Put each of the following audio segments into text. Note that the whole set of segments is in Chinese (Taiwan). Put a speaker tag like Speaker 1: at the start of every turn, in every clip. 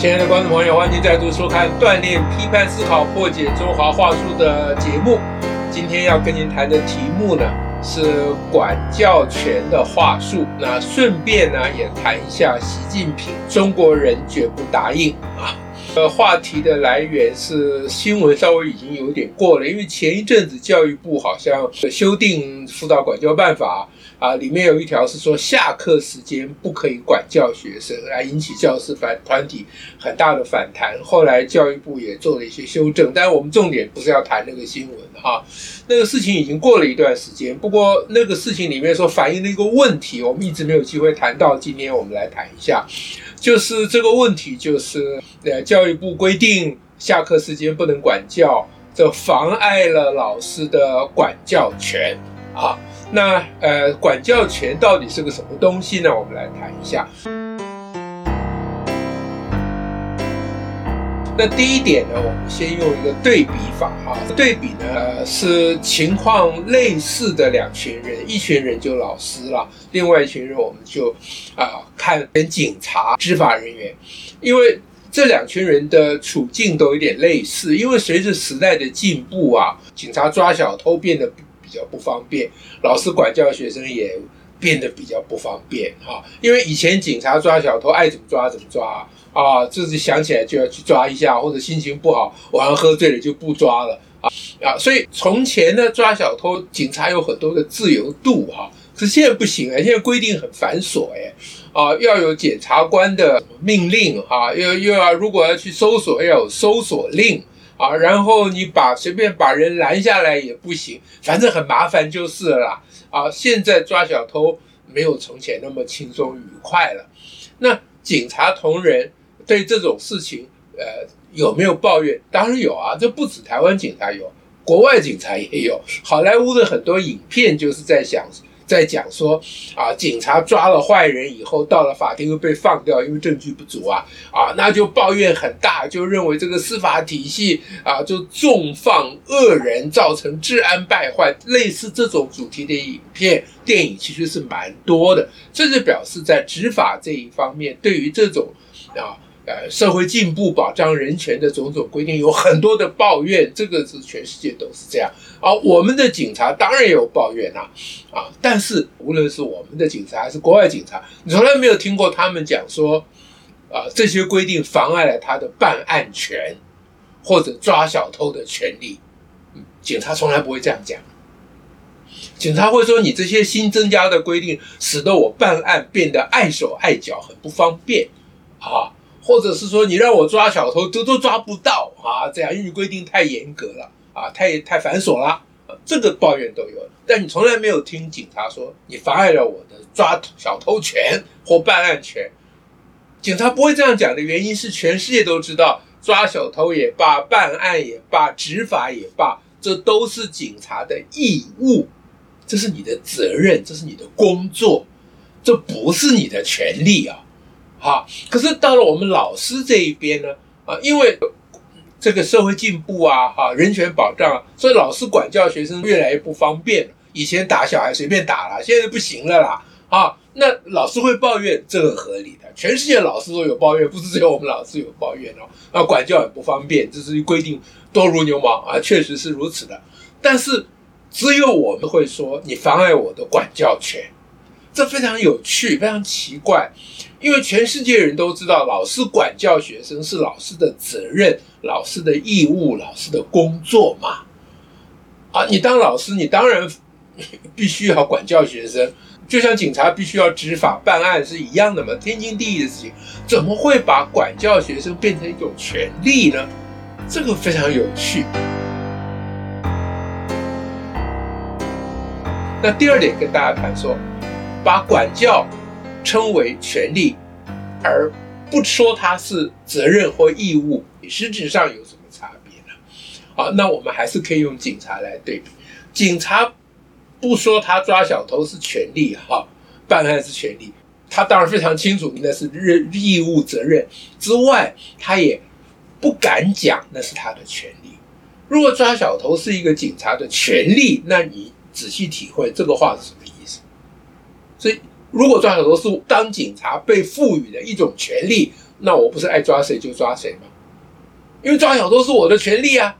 Speaker 1: 親愛的觀眾朋友，歡迎您再度收看《鍛鍊批判思考，破解中華話術》的節目。今天要跟您談的題目呢是管教權的話術，那順便呢也談一下習近平。中國人絕不答應啊！呃，話題的來源是新聞，稍微已經有點過了，因為前一陣子教育部好像修訂《輔導管教辦法》。啊，裡面有一條是說下課時間不可以管教學生，來引起教師反團體很大的反彈。後來教育部也做了一些修正，但我們重點不是要談那個新聞哈，啊，那個事情已經過了一段時間。不過那個事情裡面說反映了一個問題，我們一直沒有機會談到。今天我們來談一下，就是這個問題，就是呃，教育部規定下課時間不能管教，這妨礙了老師的管教權啊。那呃，管教權到底是個什麼東西呢？我們來談一下。那第一點呢，我們先用一個對比法哈、啊。對比呢，是情況類似的兩群人，一群人就老師了，另外一群人我們就啊、呃、看跟警察、執法人員，因為這兩群人的處境都有點類似。因為隨着時代的進步啊，警察抓小偷變得，比較不方便，老師管教學生也變得比較不方便哈、啊。因為以前警察抓小偷愛怎麼抓怎麼抓啊，自己、就是想起來就要去抓一下，或者心情不好，晚上喝醉了就不抓了啊啊！所以從前呢，抓小偷，警察有很多的自由度哈、啊，可是現在不行哎、欸，現在規定很繁瑣哎、欸、啊，要有檢察官的命令哈，又、啊、又要，要，如果要去搜索，要有搜索令。啊，然後你把隨便把人攔下來也不行，反正很麻煩就是了。啊，現在抓小偷沒有從前那麼輕鬆愉快了。那警察同仁對這種事情，呃，有沒有抱怨？當然有啊，這不止台灣警察有，國外警察也有。好萊塢的很多影片就是在想。在講說啊，警察抓了壞人以後，到了法庭又被放掉，因為證據不足啊啊，那就抱怨很大，就認為這個司法體系啊就縱放惡人，造成治安敗壞。類似這種主題的影片、電影其實是蠻多的，這就表示在執法這一方面，對於這種啊。呃，社會進步、保障人權的種種規定有很多的抱怨，這個是全世界都是這樣。啊，我們的警察當然有抱怨啊，啊，但是無論是我們的警察還是國外警察，你從來沒有聽過他們講說，啊，這些規定妨礙了他的辦案權或者抓小偷的權利。警察從來不會這樣講，警察會說你這些新增加的規定使得我辦案變得礙手礙腳，很不方便，啊。或者是說你讓我抓小偷都都抓不到啊，這樣因為規定太嚴格了啊，太太繁瑣了，啊，這個抱怨都有。但你從來沒有聽警察說你妨礙了我的抓小偷權或辦案權。警察不會這樣講的原因是，全世界都知道抓小偷也罷，辦案也罷，執法也罷，這都是警察的義務，這是你的責任，這是你的工作，這不是你的權利啊。好，可是到了我們老師這一邊呢？啊，因為這個社會進步啊，哈、啊，人權保障，啊，所以老師管教學生越來越不方便，以前打小孩隨便打啦，現在不行了啦。啊，那老師會抱怨，這很合理的。全世界老師都有抱怨，不是只有我們老師有抱怨哦、啊。啊，管教很不方便，這是規定多如牛毛啊，確實是如此的。但是只有我們會說，你妨礙我的管教權。這非常有趣，非常奇怪，因為全世界人都知道，老師管教學生是老師的責任、老師的義務、老師的工作嘛。啊，你當老師，你當然必須要管教學生，就像警察必須要執法辦案是一樣的嘛，天經地義的事情。怎麼會把管教學生變成一種權利呢？這個非常有趣。那第二點，跟大家談說。把管教稱為權利，而不說他是責任或義務，實質上有什麼差別呢？好，那我們還是可以用警察來對比。警察不說他抓小偷是權利，哈，辦案是權利，他當然非常清楚那是任義務責任之外，他也不敢講那是他的權利。如果抓小偷是一個警察的權利，那你仔細體會這個話是什麼。是所以，如果抓小偷是當警察被賦予的一種權利，那我不是愛抓誰就抓誰嗎？因為抓小偷是我的權利啊！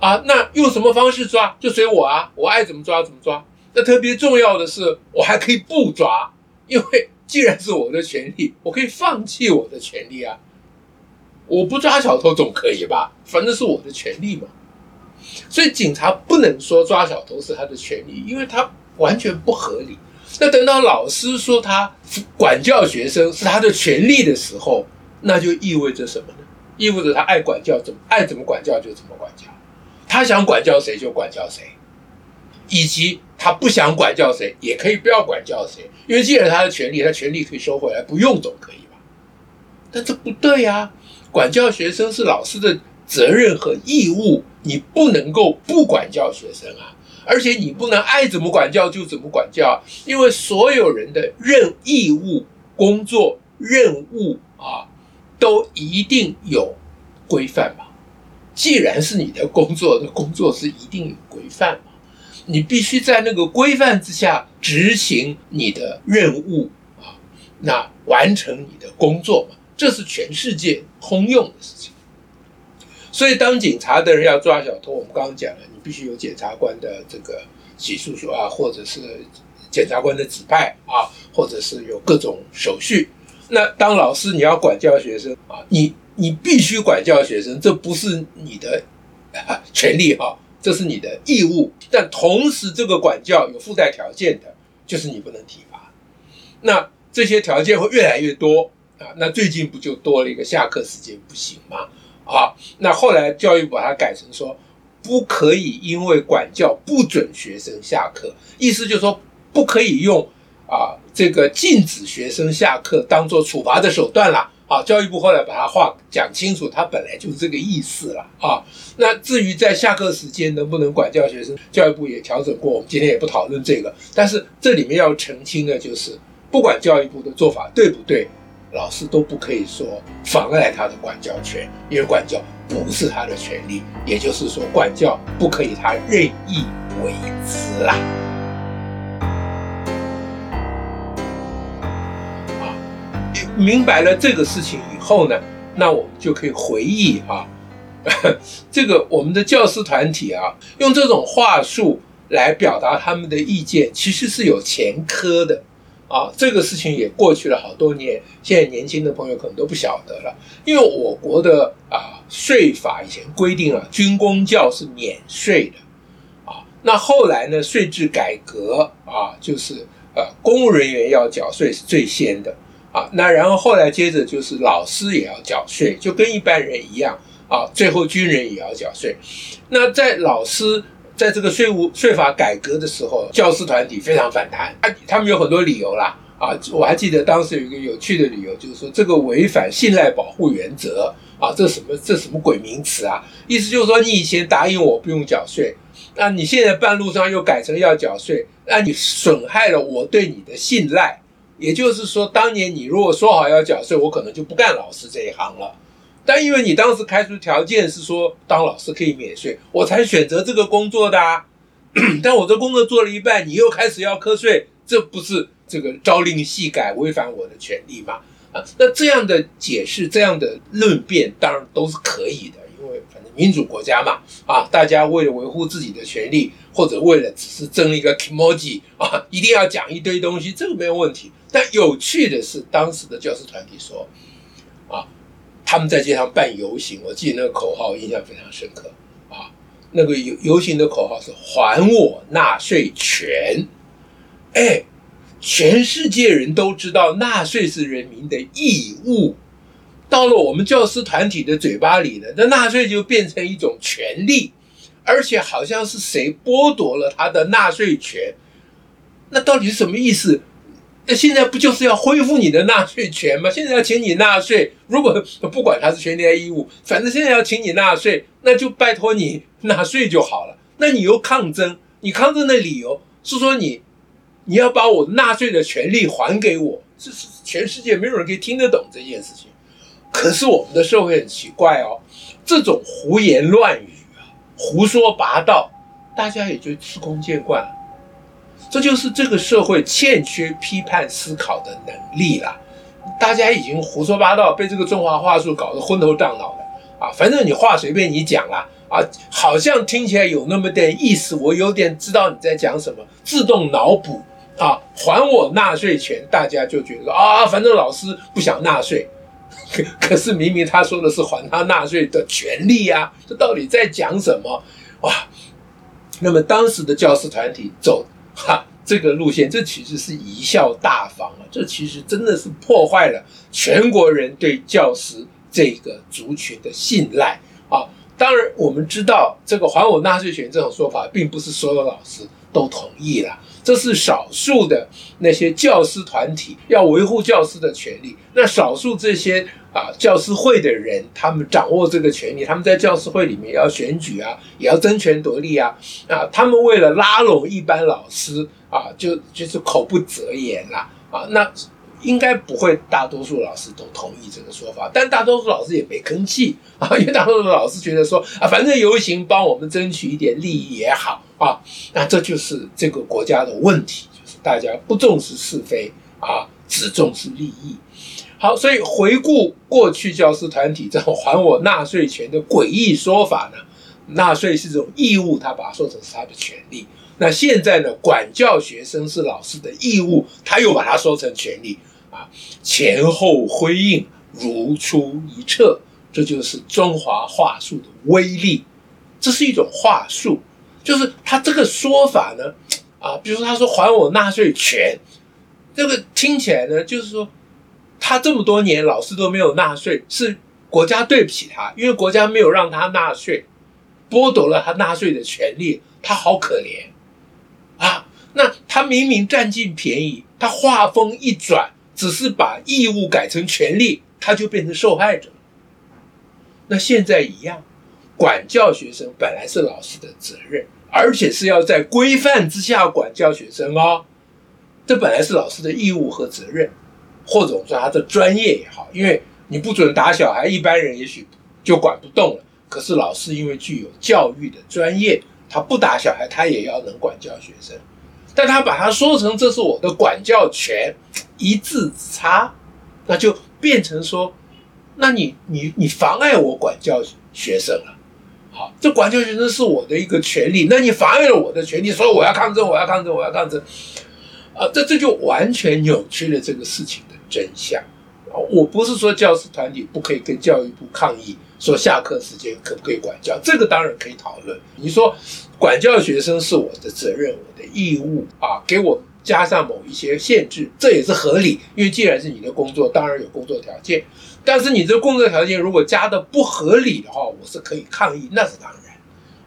Speaker 1: 啊，那用什麼方式抓？就隨我啊，我愛怎麼抓怎麼抓。那特別重要的是，我還可以不抓，因為既然是我的權利，我可以放棄我的權利啊！我不抓小偷總可以吧？反正是我的權利嘛。所以，警察不能說抓小偷是他的權利，因為他完全不合理。那等到老師說他管教學生是他的權利的時候，那就意味着什麼呢？意味着他愛管教怎麼愛怎麼管教就怎麼管教，他想管教誰就管教誰，以及他不想管教誰也可以不要管教誰，因為既然是他的權利，他權利可以收回來，不用總可以吧？但這不對呀、啊，管教學生是老師的責任和義務。你不能夠不管教學生啊，而且你不能愛怎麼管教就怎麼管教，因為所有人的任義務、工作任務啊，都一定有規範嘛。既然是你的工作，那工作是一定有規範嘛，你必須在那個規範之下執行你的任務啊，那完成你的工作嘛，這是全世界通用的事情。所以，當警察的人要抓小偷，我們剛剛講了，你必須有檢察官的這個起訴書啊，或者是檢察官的指派啊，或者是有各種手續。那當老師，你要管教學生啊，你你必須管教學生，這不是你的權利哈，這是你的義務。但同時，這個管教有附帶條件的，就是你不能體罰。那這些條件會越來越多啊。那最近不就多了一個下課時間不行嗎？啊，那後來教育部把它改成說，不可以因為管教不准學生下課，意思就是說不可以用啊這個禁止學生下課當做處罰的手段啦。啊，教育部後來把它話講清楚，它本來就是這個意思了啊。那至於在下課時間能不能管教學生，教育部也調整過，我們今天也不討論這個。但是這裡面要澄清的就是，不管教育部的做法對不對。老師都不可以說妨礙他的管教權，因為管教不是他的權利，也就是說，管教不可以他任意為之啊！明白了這個事情以後呢，那我們就可以回憶哈、啊，這個我們的教師團體啊，用這種話術來表達他們的意見，其實是有前科的。啊，這個事情也過去了好多年，現在年輕的朋友可能都不曉得了。因為我國的啊稅法以前規定了，啊，軍公教是免稅的，啊，那後來呢稅制改革啊，就是呃、啊、公務人員要繳稅是最先的，啊，那然後後來接着就是老師也要繳稅，就跟一般人一樣啊，最後軍人也要繳稅。那在老師。在這個稅務稅法改革的時候，教師團體非常反彈。啊，他們有很多理由啦。啊，我還記得當時有一個有趣的理由，就是說這個違反信賴保護原則。啊，這什麼這什麼鬼名詞啊？意思就是說，你以前答應我不用繳稅，那你現在半路上又改成要繳稅，那你損害了我對你的信賴。也就是說，當年你如果說好要繳稅，我可能就不幹老師這一行了。但因為你當時開出條件是說當老師可以免稅，我才選擇這個工作的、啊。但我這工作做了一半，你又開始要課稅，這不是這個朝令夕改，違反我的權利嗎？啊，那這樣的解釋、這樣的論辯，當然都是可以的，因為反正民主國家嘛，啊，大家為了維護自己的權利，或者為了只是爭一個 kimochi 啊，一定要講一堆東西，這個沒有問題。但有趣的是，當時的教師團體說，啊。他們在街上辦遊行，我記得那個口號印象非常深刻，啊，那個遊遊行的口號是“還我納稅權”。哎，全世界人都知道納稅是人民的義務，到了我們教師團體的嘴巴裡呢，那納稅就變成一種權利，而且好像是誰剝奪了他的納稅權，那到底是什麼意思？那現在不就是要恢復你的納稅權嗎？現在要請你納稅，如果不管他是權利還是義務，反正現在要請你納稅，那就拜托你納稅就好了。那你又抗爭，你抗爭的理由是說你，你要把我納稅的權利還給我，這是全世界沒有人可以聽得懂這件事情。可是我們的社會很奇怪哦，這種胡言亂語啊，胡說八道，大家也就司空見慣了。這就是這個社會欠缺批判思考的能力了。大家已經胡說八道，被這個中華話術搞得昏頭脹腦的啊！反正你話隨便你講了啊，好像聽起來有那麼點意思，我有點知道你在講什麼，自動腦補啊，還我納稅權，大家就覺得啊，反正老師不想納稅，可是明明他說的是還他納稅的權利呀、啊，這到底在講什麼？哇！那麼當時的教師團體走。哈，這個路線，這其實是貽笑大方啊，這其實真的是破壞了全國人對教師這個族群的信賴。當然，我們知道這個“還我納稅權”這種說法，並不是所有老師都同意了。這是少數的那些教師團體要維護教師的權利。那少數這些啊教師會的人，他們掌握這個權利，他們在教師會裡面也要選舉啊，也要爭權奪利啊啊，他們為了拉攏一般老師啊，就就是口不擇言啦、啊。啊，那。應該不會，大多數老師都同意這個說法，但大多數老師也沒吭氣啊，因為大多數老師覺得說啊，反正遊行幫我們爭取一點利益也好啊，那這就是這個國家的問題，就是大家不重視是非啊，只重視利益。好，所以回顧過去教師團體這種還我納稅權的詭異說法呢，納稅是種義務，他把它說成是他的權利。那現在呢，管教學生是老師的義務，他又把它說成權利。啊，前後輝映，如出一轍，這就是中華話術的威力。這是一種話術，就是他這個說法呢，啊，比如說他說“還我納稅權”，這個聽起來呢，就是說他這麼多年老師都沒有納稅，是國家對不起他，因為國家沒有讓他納稅，剝奪了他納稅的權利，他好可憐啊。那他明明占盡便宜，他話鋒一轉。只是把義務改成權利，他就變成受害者。那現在一樣，管教學生本來是老師的責任，而且是要在規範之下管教學生哦。這本來是老師的義務和責任，或者我們說他的專業也好，因為你不准打小孩，一般人也許就管不動了。可是老師因為具有教育的專業，他不打小孩，他也要能管教學生。但他把它說成這是我的管教權，一字之差，那就變成說，那你你你妨礙我管教學生了，好，這管教學生是我的一個權利，那你妨礙了我的權利，所以我要抗爭，我要抗爭，我要抗爭，抗爭啊，這這就完全扭曲了這個事情的真相。我不是說教師團體不可以跟教育部抗議。說下課時間可不可以管教？這個當然可以討論。你說管教學生是我的責任、我的義務啊，給我加上某一些限制，這也是合理。因為既然是你的工作，當然有工作條件。但是你這工作條件如果加得不合理的話，我是可以抗議，那是當然。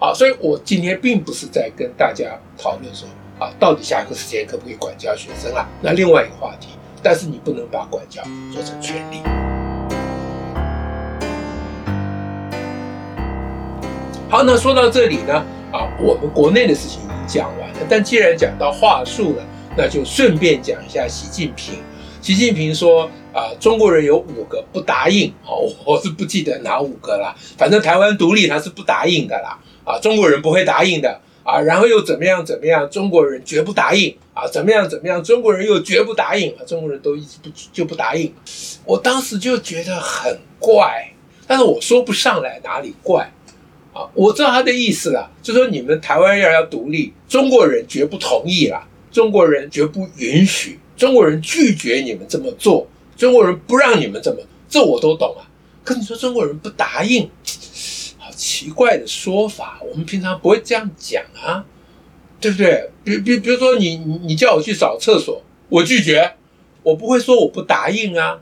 Speaker 1: 啊，所以我今天並不是在跟大家討論說啊，到底下課時間可不可以管教學生啊？那另外一個話題。但是你不能把管教做成權利。好，那說到這裡呢，啊，我們國內的事情已經講完了。但既然講到話術了，那就順便講一下習近平。習近平說：“啊，中國人有五個不答應。啊，”哦，我是不記得哪五個啦，反正台灣獨立他是不答應的啦。啊，中國人不會答應的。啊，然後又怎麼樣怎麼樣？中國人絕不答應。啊，怎麼樣怎麼樣？中國人又絕不答應。啊，中國人都一直不就不答應。我當時就覺得很怪，但是我說不上來哪裡怪。啊，我知道他的意思啦，就說你們台灣要要獨立，中國人絕不同意啦，中國人絕不允許，中國人拒絕你們這麼做，中國人不讓你們這麼，這我都懂啊。可你說中國人不答應，好奇怪的說法，我們平常不會這樣講啊，對不對？比比比如說你，你你叫我去掃廁所，我拒絕，我不會說我不答應啊，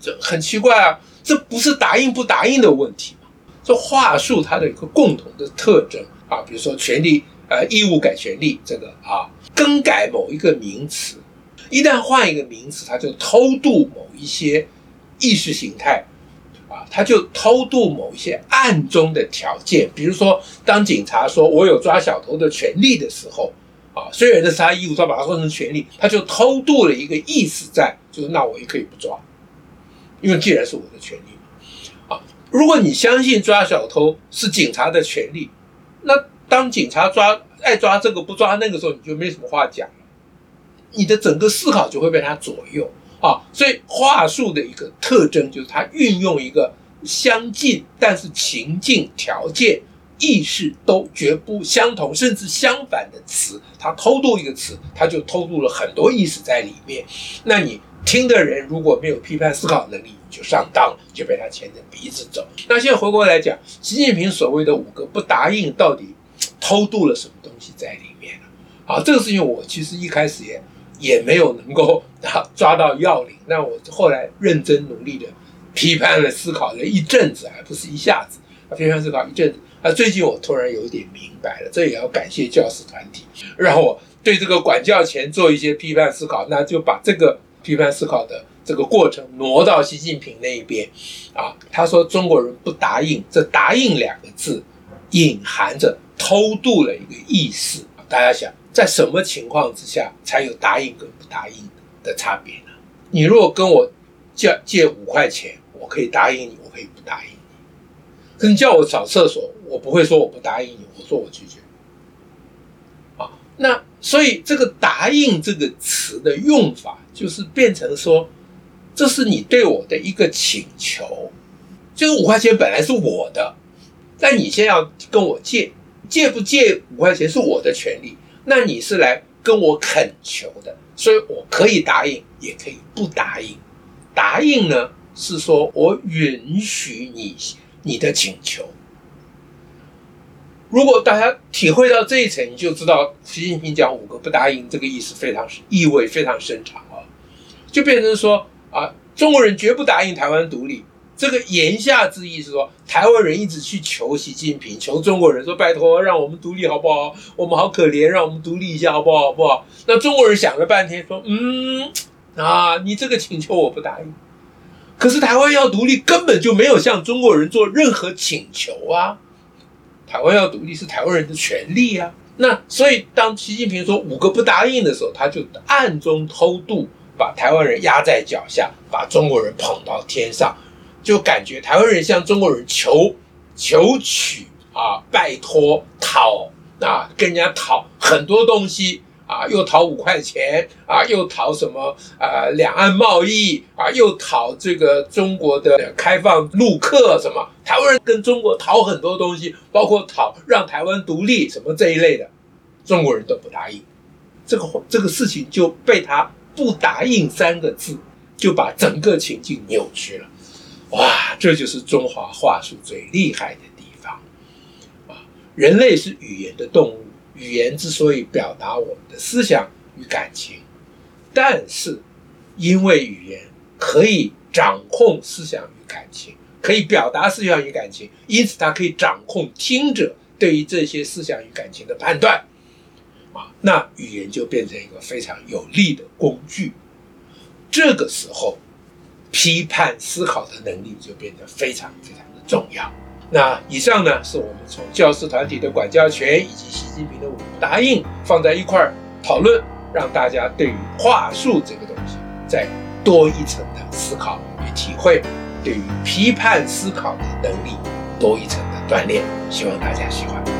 Speaker 1: 這很奇怪啊，這不是答應不答應的問題。這話術它的一個共同的特徵啊，比如說權利，呃，義務改權利這個啊，更改某一個名詞，一旦換一個名詞，他就偷渡某一些意識形態，啊，他就偷渡某一些暗中的條件。比如說，當警察說我有抓小偷的權利的時候，啊，雖然那是他義務，他把它說成權利，他就偷渡了一個意思在，就是那我也可以不抓，因為既然是我的權利啊。如果你相信抓小偷是警察的權利，那當警察抓愛抓這個不抓那個時候，你就沒什麼話講了。你的整個思考就會被他左右啊。所以話術的一個特徵就是，他運用一個相近，但是情境、條件、意識都絕不相同，甚至相反的詞。他偷渡一個詞，他就偷渡了很多意思在裡面。那你。聽的人如果沒有批判思考能力，就上當，就被他牽着鼻子走。那現在回過來講，習近平所謂的五個不答應，到底偷渡了什麼東西在裡面、啊、好，啊，這個事情我其實一開始也也沒有能夠到抓到要領。那我後來認真努力的批判了思考了一陣子，還不是一下子批判思考一陣子。啊，最近我突然有一點明白了，這也要感謝教師團體，讓我對這個管教權做一些批判思考。那就把這個。批判思考的這個過程挪到習近平那一邊，啊，他說中國人不答應，這“答應”兩個字隱含着偷渡了一個意思。大家想，在什麼情況之下才有答應跟不答應的差別呢？你如果跟我借借五塊錢，我可以答應你，我可以不答應你。可你叫我掃廁所，我不會說我不答應你，我說我拒絕。啊，那。所以這個“答應”這個詞的用法，就是變成說，這是你對我的一個請求。這個五塊錢本來是我的，但你先要跟我借，借不借五塊錢是我的權利。那你是來跟我懇求的，所以我可以答應，也可以不答應。答應呢，是說我允許你，你的請求。如果大家體會到這一層，你就知道習近平講五個不答應這個意思非常，意味非常深長啊，就變成說啊，中國人絕不答應台灣獨立。這個言下之意是說，台灣人一直去求習近平，求中國人說拜托，讓我們獨立好不好？我們好可憐，讓我們獨立一下好不好？好不好？那中國人想了半天說，嗯，啊，你這個請求我不答應。可是台灣要獨立，根本就沒有向中國人做任何請求啊。台灣要獨立是台灣人的權利啊，那所以當習近平說五個不答應的時候，他就暗中偷渡，把台灣人壓在腳下，把中國人捧到天上，就感覺台灣人向中國人求，求取啊，拜托，討啊，跟人家討很多東西。啊，又討五塊錢，啊，又討什麼？呃、啊，兩岸貿易，啊，又討這個中國的開放陸客什麼？台灣人跟中國討很多東西，包括討讓台灣獨立什麼這一類的，中國人都不答應。這個這個事情就被他不答應三個字，就把整個情境扭曲了。哇，這就是中華話術最厲害的地方啊！人類是語言的動物。語言之所以表達我們的思想與感情，但是，因為語言可以掌控思想與感情，可以表達思想與感情，因此它可以掌控聽者對於這些思想與感情的判斷。啊，那語言就變成一個非常有力的工具。這個時候，批判思考的能力就變得非常非常的重要。那以上呢，是我們從教師團體的管教權以及習近平的五不答應，放在一塊兒討論，讓大家對於話術這個東西再多一層的思考與體會，對於批判思考的能力多一層的鍛鍊，希望大家喜歡。